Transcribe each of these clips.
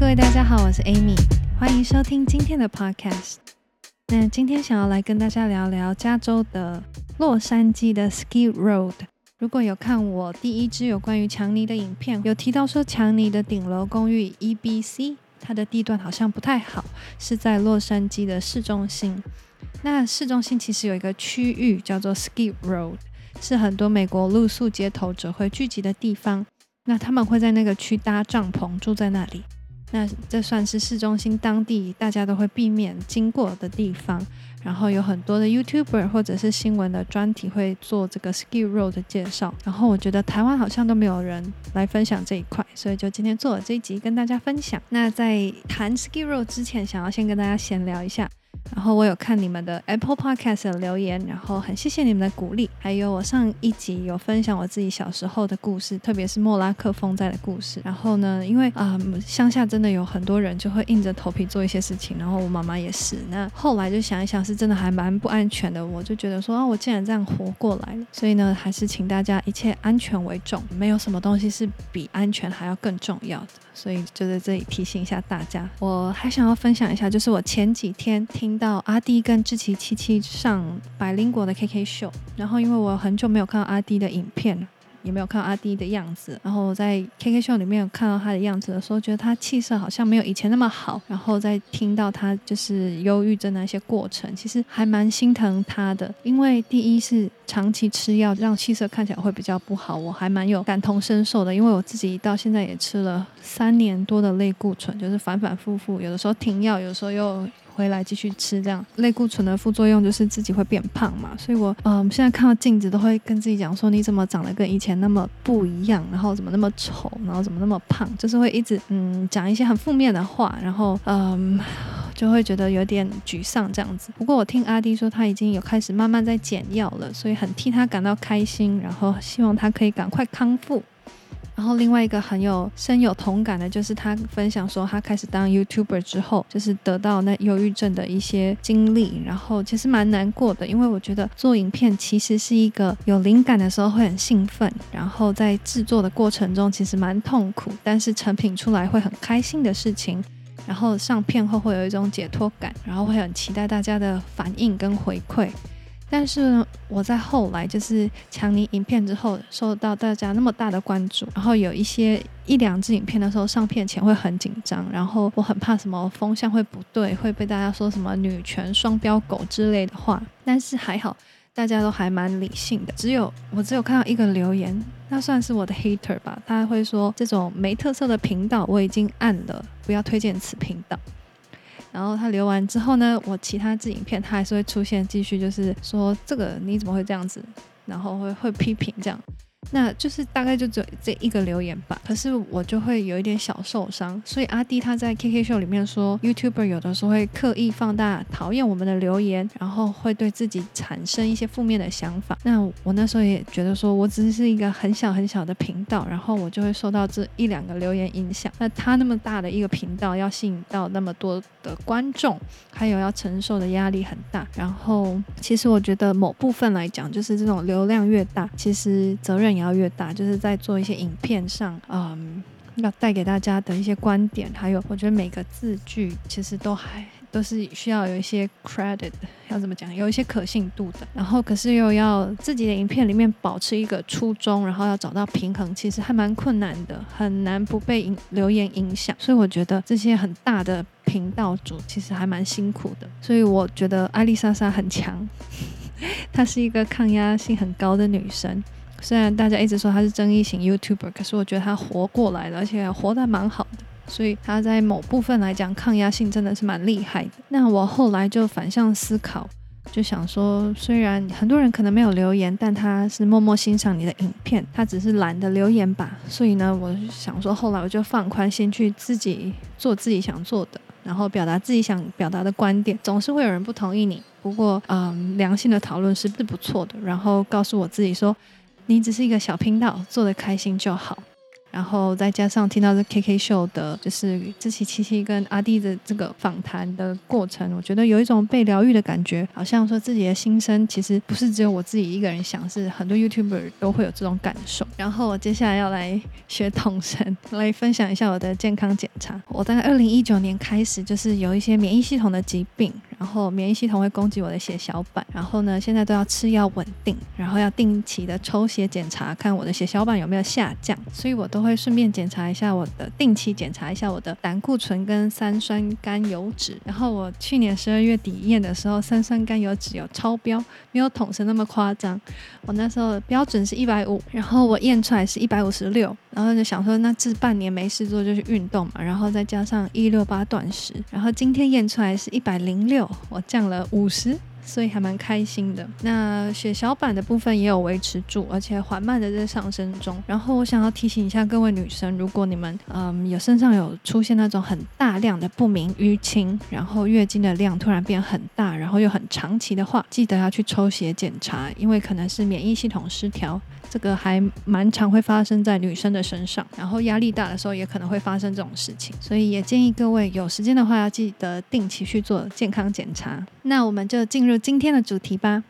各位大家好，我是 Amy，歡迎收聽今天的 Podcast。那今天想要來跟大家聊聊加州的洛杉磯的 Skid Row。如果有看我第一支有關於強尼的影片，有提到說強尼的頂樓公寓 EBC，它的地段好像不太好，是在洛杉磯的市中心。那市中心其實有一個區域叫做 Skid Row，是很多美國露宿街頭者會聚集的地方。那他們會在那個區搭帳篷住在那裡。那這算是市中心當地大家都會避免經過的地方，然後有很多的 YouTuber 或者是新聞的專題會做這個 Skid Row 的介紹，然後我覺得台灣好像都沒有人來分享這一塊，所以就今天做了這一集跟大家分享。那在談 Skid Row 之前，想要先跟大家閒聊一下。然後我有看你們的 Apple Podcast 的留言，然後很謝謝你們的鼓勵。還有我上一集有分享我自己小時候的故事，特別是莫拉克風災的故事。然後呢，因為啊、呃，鄉下真的有很多人就會硬着頭皮做一些事情，然後我媽媽也是。那後來就想一想，是真的還蠻不安全的。我就覺得說啊，我竟然這樣活過來了。所以呢，還是請大家一切安全為重，沒有什麼東西是比安全還要更重要的。所以就在這裡提醒一下大家。我還想要分享一下，就是我前幾天聽。到阿滴跟志祺七七上百靈果的 KK 秀，然後因為我很久沒有看到阿滴的影片，也沒有看到阿滴的樣子，然後我在 KK 秀裡面有看到他的樣子的時候，覺得他氣色好像沒有以前那麼好。然後再聽到他就是憂鬱症的一些過程，其實還蠻心疼他的，因為第一是長期吃藥讓氣色看起來會比較不好，我還蠻有感同身受的，因為我自己到現在也吃了三年多的類固醇，就是反反复覆有的時候停藥，有的時候又。回來繼續吃，這樣類固醇的副作用就是自己會變胖嘛，所以我嗯，現在看到鏡子都會跟自己講說，你怎麼長得跟以前那麼不一樣，然後怎麼那麼醜，然後怎麼那麼胖，就是會一直嗯講一些很負面的話，然後嗯就會覺得有點沮喪這樣子。不過我聽阿弟說他已經有開始慢慢在減藥了，所以很替他感到開心，然後希望他可以趕快康復。然後另外一個很有深有同感的，就是他分享說，他開始當 YouTuber 之後，就是得到那憂鬱症的一些經歷，然後其實蠻難過的，因為我覺得做影片，其實是一個有靈感的時候會很興奮，然後在製作的過程中其實蠻痛苦，但是成品出來會很開心的事情，然後上片後會有一種解脫感，然後會很期待大家的反應跟回饋，但是。我在後來就是強尼影片之後，受到大家那麼大的關注，然後有一些一兩支影片的時候，上片前會很緊張，然後我很怕什麼風向會不對，會被大家說什麼女權雙標狗之類的話。但是還好，大家都還蠻理性的。只有我只有看到一個留言，那算是我的 hater 吧，他會說這種沒特色的頻道我已經按了，不要推薦此頻道。然後他留完之後呢，我其他支影片他還是會出現，繼續就是說這個你怎麼會這樣子，然後會會批評這樣。那就是大概就這這一個留言吧，可是我就會有一點小受傷，所以阿滴他在 KK 秀裡面說，YouTuber 有的時候會刻意放大討厭我們的留言，然後會對自己產生一些負面的想法。那我那時候也覺得說我只是一個很小很小的頻道，然後我就會受到這一兩個留言影響。那他那麼大的一個頻道要吸引到那麼多的觀眾，還有要承受的壓力很大。然後其實我覺得某部分來講，就是這種流量越大，其實責任。也要越大，就是在做一些影片上，嗯，要帶給大家的一些觀點，還有我覺得每個字句其實都還都是需要有一些 credit，要怎麼講，有一些可信度的。然後可是又要自己的影片裡面保持一個初衷，然後要找到平衡，其實還蠻困難的，很難不被影留言影響。所以我覺得這些很大的頻道主其實還蠻辛苦的。所以我覺得艾莉莎莎很強， 她是一個抗壓性很高的女生。雖然大家一直說他是爭議型 YouTuber，可是我覺得他活過來了，而且活得蠻好的，所以他在某部分來講抗壓性真的是蠻厲害的。那我後來就反向思考，就想說，雖然很多人可能沒有留言，但他是默默欣賞你的影片，他只是懶得留言吧。所以呢，我想說，後來我就放寬心，去自己做自己想做的，然後表達自己想表達的觀點。總是會有人不同意你，不過嗯，良性的討論是不錯的。然後告訴我自己說。你只是一個小頻道，做的開心就好。然後再加上聽到這 KK 秀的，就是志祺七七跟阿弟的這個訪談的過程，我覺得有一種被療癒的感覺，好像說自己的心聲其實不是只有我自己一個人想，是很多 YouTuber 都會有這種感受。然後我接下來要來學統神，來分享一下我的健康檢查。我在二零一九年開始就是有一些免疫系統的疾病。然後免疫系統會攻擊我的血小板，然後呢，現在都要吃藥穩定，然後要定期的抽血檢查，看我的血小板有沒有下降。所以我都會順便檢查一下我的，定期檢查一下我的膽固醇跟三酸甘油脂。然後我去年十二月底驗的時候，三酸甘油脂有超標，沒有桶彤那麼誇張。我那時候的標準是一百五，然後我驗出來是一百五十六。然後就想說，那這半年沒事做，就去運動嘛。然後再加上一六八斷食。然後今天驗出來是一百零六，我降了五十。所以還蠻開心的。那血小板的部分也有維持住，而且緩慢的在上升中。然後我想要提醒一下各位女生，如果你們嗯有身上有出現那種很大量的不明淤青，然後月經的量突然變很大，然後又很長期的話，記得要去抽血檢查，因為可能是免疫系統失調，這個還蠻常會發生在女生的身上。然後壓力大的時候也可能會發生這種事情，所以也建議各位有時間的話要記得定期去做健康檢查。那我們就進入。今天的主題吧，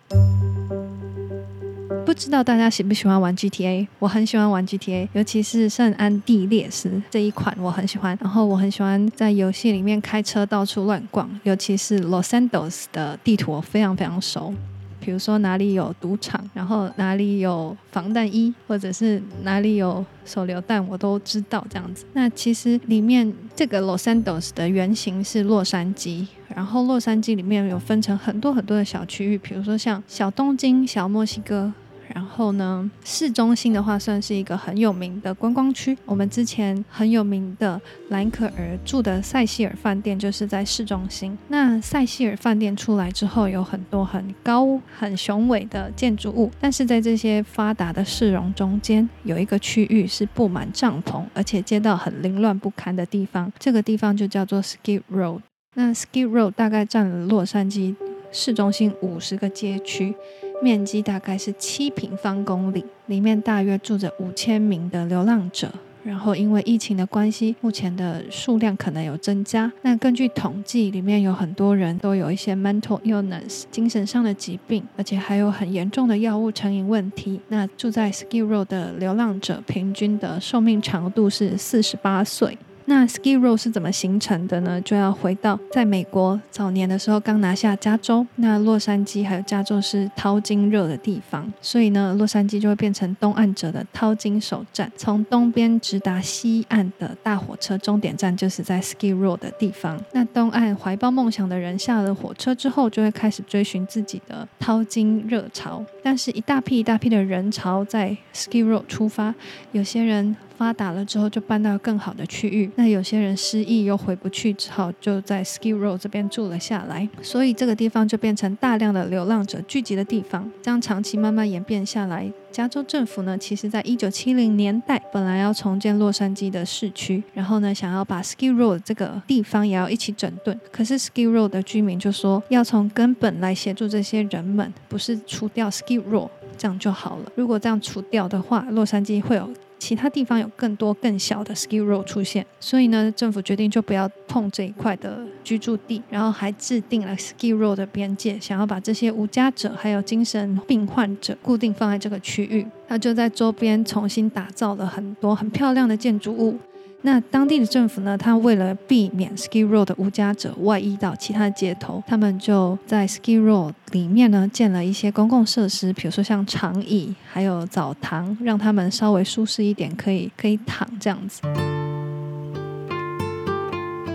不知道大家喜不喜歡玩 GTA，我很喜歡玩 GTA，尤其是《聖安地列斯》這一款，我很喜歡。然後我很喜歡在遊戲裡面開車到處亂逛，尤其是 Los Santos 的地圖，我非常非常熟。比如說哪裡有賭場，然後哪裡有防彈衣，或者是哪裡有手榴彈，我都知道這樣子。那其實裡面這個 Los Santos 的原型是洛杉磯。然後洛杉磯裡面有分成很多很多的小區域，比如說像小東京、小墨西哥。然後呢，市中心的話算是一個很有名的觀光區。我們之前很有名的藍可兒住的塞西爾飯店就是在市中心。那塞西爾飯店出來之後，有很多很高、很雄偉的建築物。但是在這些發達的市容中間，有一個區域是佈滿帳篷，而且街道很凌亂不堪的地方。這個地方就叫做 Skid Row。那 Skid Row 大概佔了洛杉磯市中心五十個街區，面積大概是七平方公里，裡面大約住着五千名的流浪者。然後因為疫情的關係，目前的數量可能有增加。那根據統計，裡面有很多人都有一些 mental illness 精神上的疾病，而且還有很嚴重的藥物成癮問題。那住在 Skid Row 的流浪者平均的壽命長度是四十八歲。那 Skid Row 是怎麼形成的呢？就要回到在美國早年的時候，剛拿下加州，那洛杉磯還有加州是淘金熱的地方，所以呢，洛杉磯就會變成東岸者的淘金首站。從東邊直達西岸的大火車終點站，就是在 Skid Row 的地方。那東岸懷抱夢想的人下了火車之後，就會開始追尋自己的淘金熱潮。但是，一大批一大批的人潮在 Skid Row 出發，有些人。發達了之後，就搬到更好的區域。那有些人失意又回不去，只好就在 Skid Row 這邊住了下來。所以這個地方就變成大量的流浪者聚集的地方。這樣長期慢慢演變下來，加州政府呢，其實在一九七零年代本來要重建洛杉磯的市區，然後呢，想要把 Skid Row 這個地方也要一起整頓。可是 Skid Row 的居民就說，要從根本來協助這些人們，不是除掉 Skid Row 這樣就好了。如果這樣除掉的話，洛杉磯會有。其他地方有更多更小的 Skid Row 出現，所以呢，政府決定就不要碰這一塊的居住地，然後還制定了 Skid Row 的邊界，想要把這些無家者還有精神病患者固定放在這個區域。他就在周邊重新打造了很多很漂亮的建築物。那當地的政府呢，他為了避免 Skid Row 的無家者外溢到其他街頭，他們就在 Skid Row 裡面呢，建了一些公共設施，比如說像長椅、還有澡堂，讓他們稍微舒適一點，可以可以躺這樣子。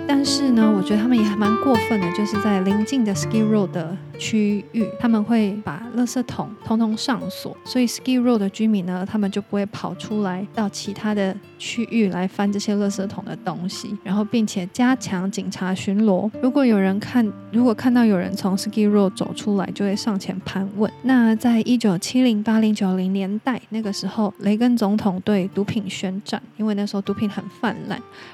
但是呢，我覺得他們也還蠻過分的，就是在鄰近的 Skid Row 的區域，他們會把垃圾桶通通上鎖，所以 Skid Row 的居民呢，他們就不會跑出來到其他的區域來翻這些垃圾桶的東西，然後並且加強警察巡邏。如果有人看，如果看到有人從 Skid Row 走出來，就會上前盤問。那在一九七零、八零、九零年代那個時候，雷根總統對毒品宣戰，因為那時候毒品很泛濫，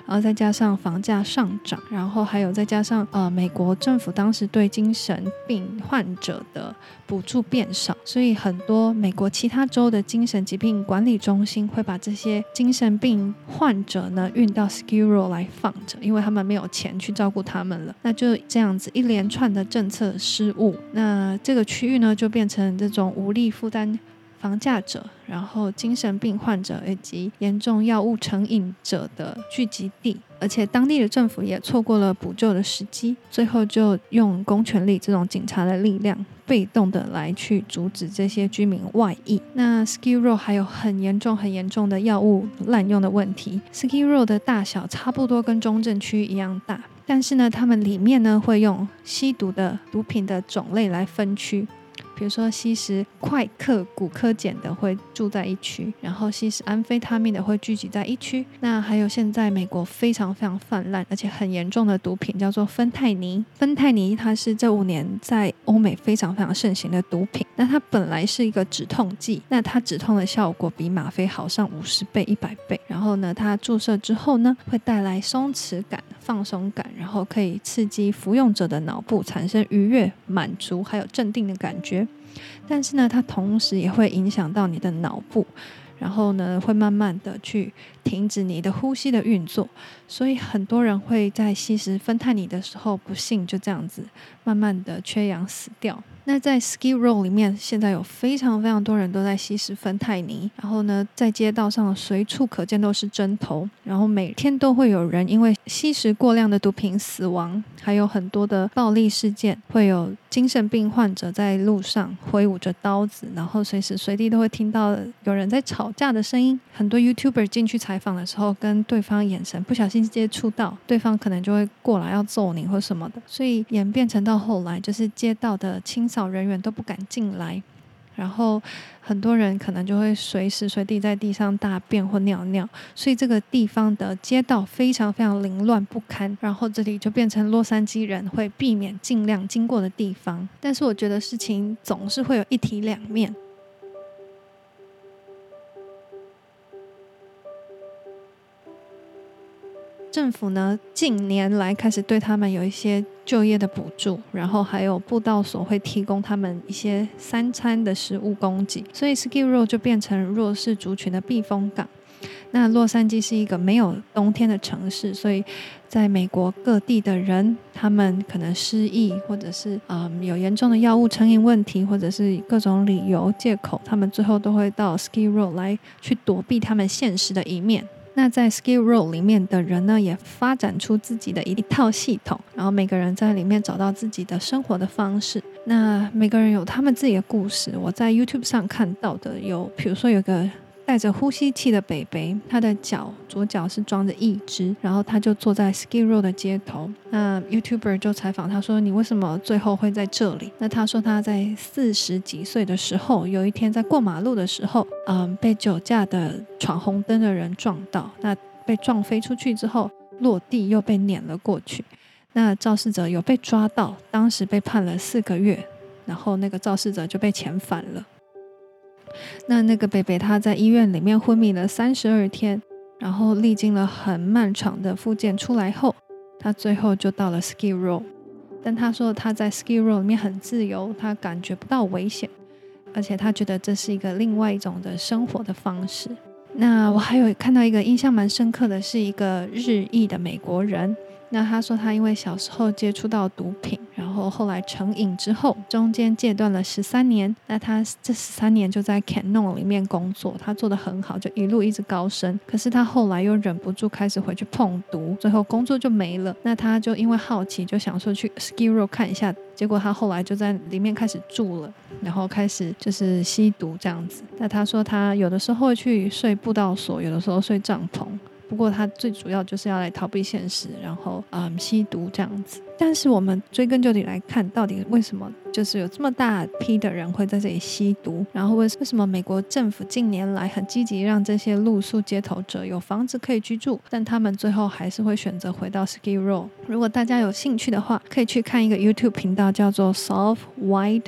然後再加上房價上漲。然後還有再加上呃，美國政府當時對精神病患者的補助變少，所以很多美國其他州的精神疾病管理中心會把這些精神病患者呢運到 Skid Row 來放着，因為他們沒有錢去照顧他們了。那就這樣子一連串的政策失誤，那這個區域呢就變成這種無力負擔房價者，然後精神病患者以及嚴重藥物成癮者的聚集地。而且當地的政府也錯過了補救的時機，最後就用公權力這種警察的力量，被動的來去阻止這些居民外溢。那 Skid Row 還有很嚴重、很嚴重的藥物濫用的問題。Skid Row 的大小差不多跟中正區一樣大，但是呢，他們裡面呢會用吸毒的毒品的種類來分區。比如說吸食快克、古柯鹼的會住在一區，然後吸食安非他命的會聚集在一區。那還有現在美國非常非常泛濫，而且很嚴重的毒品叫做芬太尼。芬太尼它是這五年在歐美非常非常盛行的毒品。那它本來是一個止痛劑，那它止痛的效果比嗎啡好上五十倍、一百倍。然後呢，它注射之後呢，會帶來鬆弛感、放鬆感，然後可以刺激服用者的腦部產生愉悅、滿足還有鎮定的感覺。但是呢，它同時也會影響到你的腦部，然後呢，會慢慢的去停止你的呼吸的運作。所以很多人會在吸食芬太尼的時候，不幸就這樣子慢慢的缺氧死掉。那在 Skid Row 裡面，現在有非常非常多人都在吸食芬太尼，然後呢，在街道上隨處可見都是針頭，然後每天都會有人因為吸食過量的毒品死亡，還有很多的暴力事件，會有精神病患者在路上揮舞着刀子，然後隨時隨地都會聽到有人在吵架的聲音。很多 YouTuber 進去採訪的時候，跟對方眼神不小心，接觸到對方，可能就會過來要揍你或什麼的，所以演變成到後來，就是街道的清掃人員都不敢進來，然後很多人可能就會隨時隨地在地上大便或尿尿，所以這個地方的街道非常非常凌亂不堪，然後這裡就變成洛杉磯人會避免盡量經過的地方。但是我覺得事情總是會有一體兩面。政府呢，近年來開始對他們有一些就業的補助，然後還有布道所會提供他們一些三餐的食物供給，所以 Skid Row 就變成弱勢族群的避風港。那洛杉磯是一個沒有冬天的城市，所以在美國各地的人，他們可能失意，或者是啊、嗯、有嚴重的藥物成癮問題，或者是各種理由借口，他們最後都會到 Skid Row 來去躲避他們現實的一面。那在 Skid Row 裡面的人呢，也發展出自己的一套系統，然後每個人在裡面找到自己的生活的方式。那每個人有他們自己的故事。我在 YouTube 上看到的有，有比如說有個，.帶着呼吸器的北北，他的腳左腳是裝着義肢，然後他就坐在 Skid Row 的街頭。那 YouTuber 就採訪他說：“你為什麼最後會在這裡？”那他說他在四十幾歲的時候，有一天在過馬路的時候，嗯，被酒駕的闖紅燈的人撞到。那被撞飛出去之後，落地又被碾了過去。那肇事者有被抓到，當時被判了四個月，然後那個肇事者就被遣返了。那那個貝貝他在醫院裡面昏迷了三十二天，然後歷經了很漫長的復健，出來後，他最後就到了 Skid Row。但他說他在 Skid Row 裡面很自由，他感覺不到危險，而且他覺得這是一個另外一種的生活的方式。那我還有看到一個印象蠻深刻的是一個日裔的美國人。那他說他因為小時候接觸到毒品，然後後來成癮之後，中間戒斷了十三年。那他這十三年就在 Canon 裡面工作，他做得很好，就一路一直高升。可是他後來又忍不住開始回去碰毒，最後工作就沒了。那他就因為好奇，就想說去 Skid Row 看一下，結果他後來就在裡面開始住了，然後開始就是吸毒這樣子。那他說他有的時候會去睡佈道所，有的時候睡帳篷。不過它最主要就是要來逃避現實，然後嗯吸毒這樣子。但是我們追根究底來看，到底為什麼就是有這麼大批的人會在這裡吸毒？然後為為什麼美國政府近年來很積極讓這些露宿街頭者有房子可以居住，但他們最後還是會選擇回到 Skid Row？如果大家有興趣的話，可以去看一個 YouTube 頻道叫做 Soft White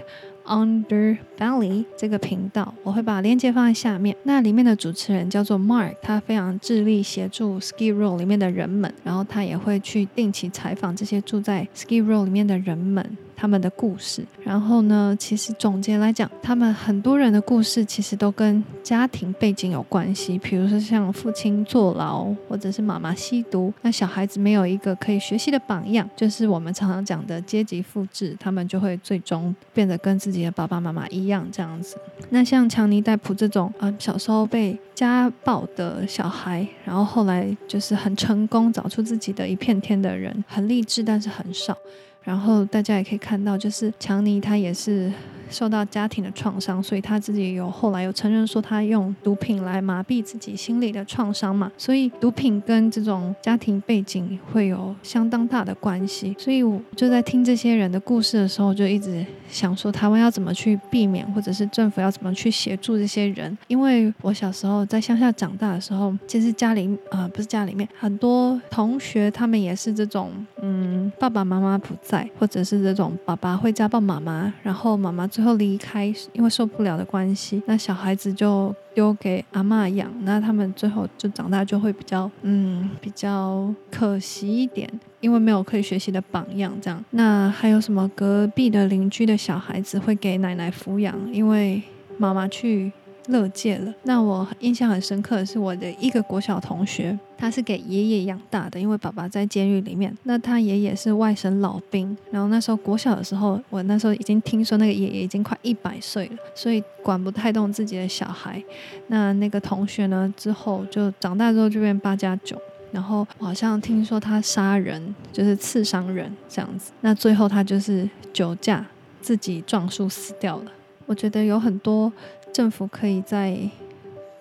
Underbelly 這個頻道，我會把鏈接放在下面。那裡面的主持人叫做 Mark，他非常致力協助 Skid Row 裡面的人們，然後他也會去定期採訪這些住在 Skid Row 裡面的人們。他們的故事，然後呢，其實總結來講，他們很多人的故事其實都跟家庭背景有關係。比如說像父親坐牢，或者是媽媽吸毒，那小孩子沒有一個可以學習的榜樣，就是我們常常講的階級複製，他們就會最終變得跟自己的爸爸媽媽一樣這樣子。那像強尼戴普這種啊、呃，小時候被家暴的小孩，然後後來就是很成功，找出自己的一片天的人，很勵志，但是很少。然後大家也可以看到，就是強尼他也是，受到家庭的創傷，所以他自己有後來有承認說他用毒品來麻痹自己心理的創傷嘛，所以毒品跟這種家庭背景會有相當大的關係。所以我就在聽這些人的故事的時候，就一直想說台灣要怎麼去避免，或者是政府要怎麼去協助這些人。因為我小時候在鄉下長大的時候，其實家裡啊、呃、不是家裡面，很多同學他們也是這種嗯爸爸媽媽不在，或者是這種爸爸會家暴媽媽，然後媽媽。然後離開，因為受不了的關係，那小孩子就丟給阿嬤養。那他們最後就長大就會比較，嗯，比較可惜一點，因為沒有可以學習的榜樣。這樣，那還有什麼隔壁的鄰居的小孩子會給奶奶撫養，因為媽媽去樂界了。那我印象很深刻的是我的一個國小同學，他是給爺爺養大的，因為爸爸在監獄裡面。那他爺爺是外省老兵，然後那時候國小的時候，我那時候已經聽說那個爺爺已經快一百歲了，所以管不太動自己的小孩。那那個同學呢，之後就長大之後就變八加九，然後好像聽說他殺人，就是刺傷人這樣子。那最後他就是酒駕，自己撞樹死掉了。我覺得有很多政府可以在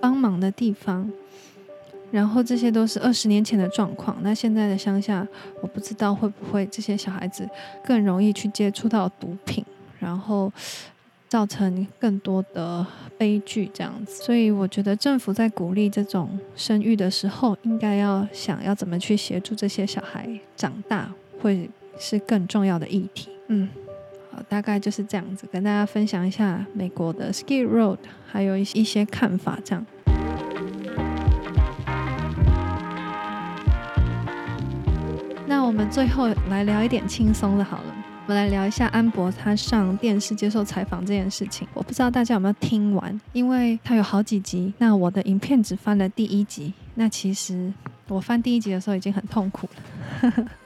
幫忙的地方，然後這些都是二十年前的狀況。那現在的鄉下，我不知道會不會這些小孩子更容易去接觸到毒品，然後造成更多的悲劇這樣子。所以我覺得政府在鼓勵這種生育的時候，應該要想要怎麼去協助這些小孩長大，會是更重要的議題。嗯。好，大概就是這樣子，跟大家分享一下美國的 Skid Row，還有一些、一些看法。這樣，。 那我們最後來聊一點輕鬆的，好了，我們來聊一下安柏他上電視接受採訪這件事情。我不知道大家有沒有聽完，因為他有好幾集，那我的影片只翻了第一集。那其實我翻第一集的時候已經很痛苦了。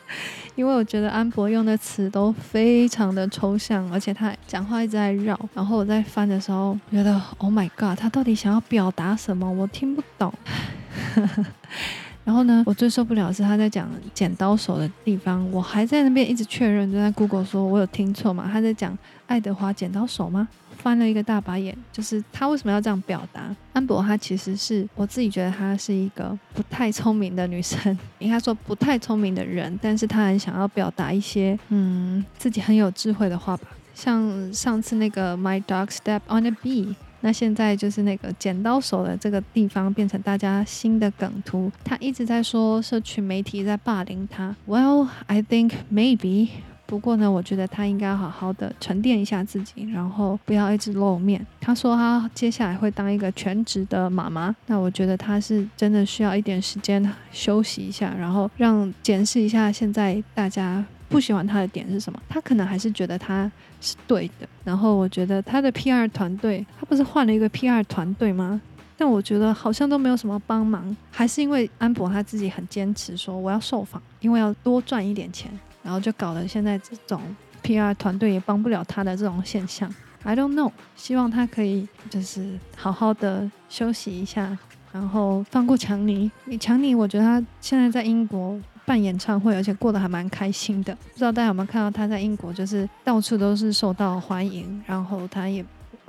因為我覺得安博用的詞都非常的抽象，而且他講話一直在繞。然後我在翻的時候，覺得 Oh my God，他到底想要表達什麼？我聽不懂。 然後呢，我最受不了的是他在講剪刀手的地方，我還在那邊一直確認，就在 Google 說，我有聽錯嗎？他在講愛德華剪刀手嗎？翻了一個大白眼，就是她為什麼要這樣表達？安博她其實是我自己覺得她是一個不太聰明的女生，應該說不太聰明的人，但是她很想要表達一些嗯自己很有智慧的話吧。像上次那個 My dog step on a bee，那現在就是那個剪刀手的這個地方變成大家新的梗圖，她一直在說社群媒體在霸凌她。Well，I think maybe。不過呢，我覺得他應該好好的沉澱一下自己，然後不要一直露面。他說他接下來會當一個全職的媽媽，那我覺得他是真的需要一點時間休息一下，然後讓檢視一下現在大家不喜歡他的點是什麼。他可能還是覺得他是對的。然後我覺得他的 PR 團隊，他不是換了一個 PR 團隊嗎？但我覺得好像都沒有什麼幫忙，還是因為安柏他自己很堅持說我要受訪，因為要多賺一點錢。然後就搞得現在這種 PR 團隊也幫不了他的這種現象。I don't know，希望他可以就是好好的休息一下，然後放過強尼。你強尼，我覺得他現在在英國辦演唱會，而且過得還蠻開心的。不知道大家有沒有看到他在英國，就是到處都是受到歡迎，然後他也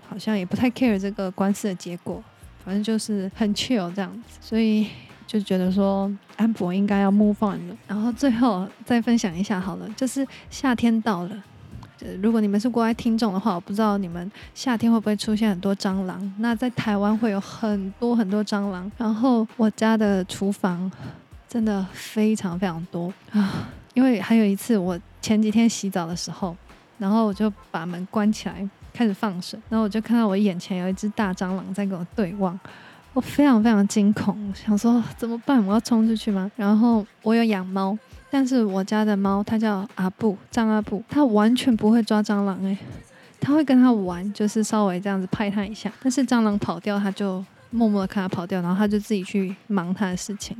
好像也不太 care 這個官司的結果，反正就是很 chill 這樣子。所以。就覺得說，安博應該要 move on 了。然後最後再分享一下好了，就是夏天到了。就如果你們是國外聽眾的話，我不知道你們夏天會不會出現很多蟑螂。那在台灣會有很多很多蟑螂，然後我家的廚房真的非常非常多啊。因為還有一次，我前幾天洗澡的時候，然後我就把門關起來，開始放水，然後我就看到我眼前有一隻大蟑螂在跟我對望。我非常非常驚恐，我想說怎麼辦？我要衝出去嗎？然後我有養貓，但是我家的貓它叫阿布，張阿布，它完全不會抓蟑螂誒、欸，它會跟它玩，就是稍微這樣子拍它一下，但是蟑螂跑掉，它就默默的看它跑掉，然後它就自己去忙它的事情。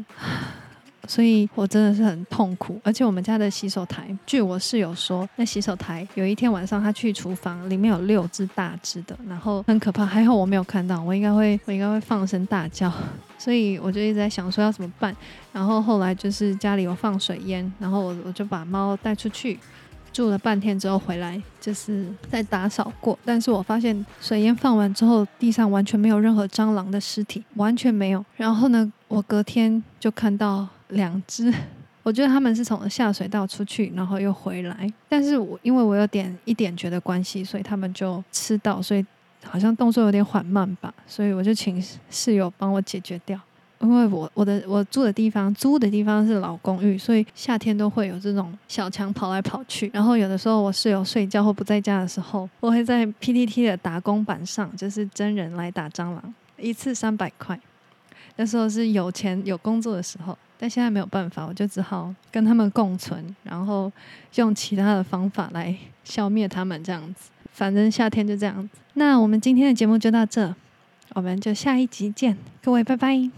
所以我真的是很痛苦，而且我們家的洗手台，據我室友說，那洗手台有一天晚上他去廚房，裡面有六隻大隻的，然後很可怕。還好我沒有看到，我應該會，我應該會放聲大叫。 所以我就一直在想說要怎麼辦。然後後來就是家裡有放水煙，然後我我就把貓帶出去住了半天之後回來，就是在打掃過。但是我發現水煙放完之後，地上完全沒有任何蟑螂的屍體，完全沒有。然後呢，我隔天就看到。兩隻，我覺得他們是從下水道出去，然後又回來。但是我因為我有點一點覺得關係，所以他們就吃到，所以好像動作有點緩慢吧。所以我就請室友幫我解決掉。因為我我的我住的地方租的地方是老公寓，所以夏天都會有這種小強跑來跑去。然後有的時候我室友睡覺或不在家的時候，我會在 PTT 的打工板上，就是真人來打蟑螂，一次三百塊。那時候是有錢有工作的時候。但現在沒有辦法，我就只好跟他們共存，然後用其他的方法來消滅他們，這樣子。反正夏天就這樣子。那我們今天的節目就到這，我們就下一集見，各位拜拜。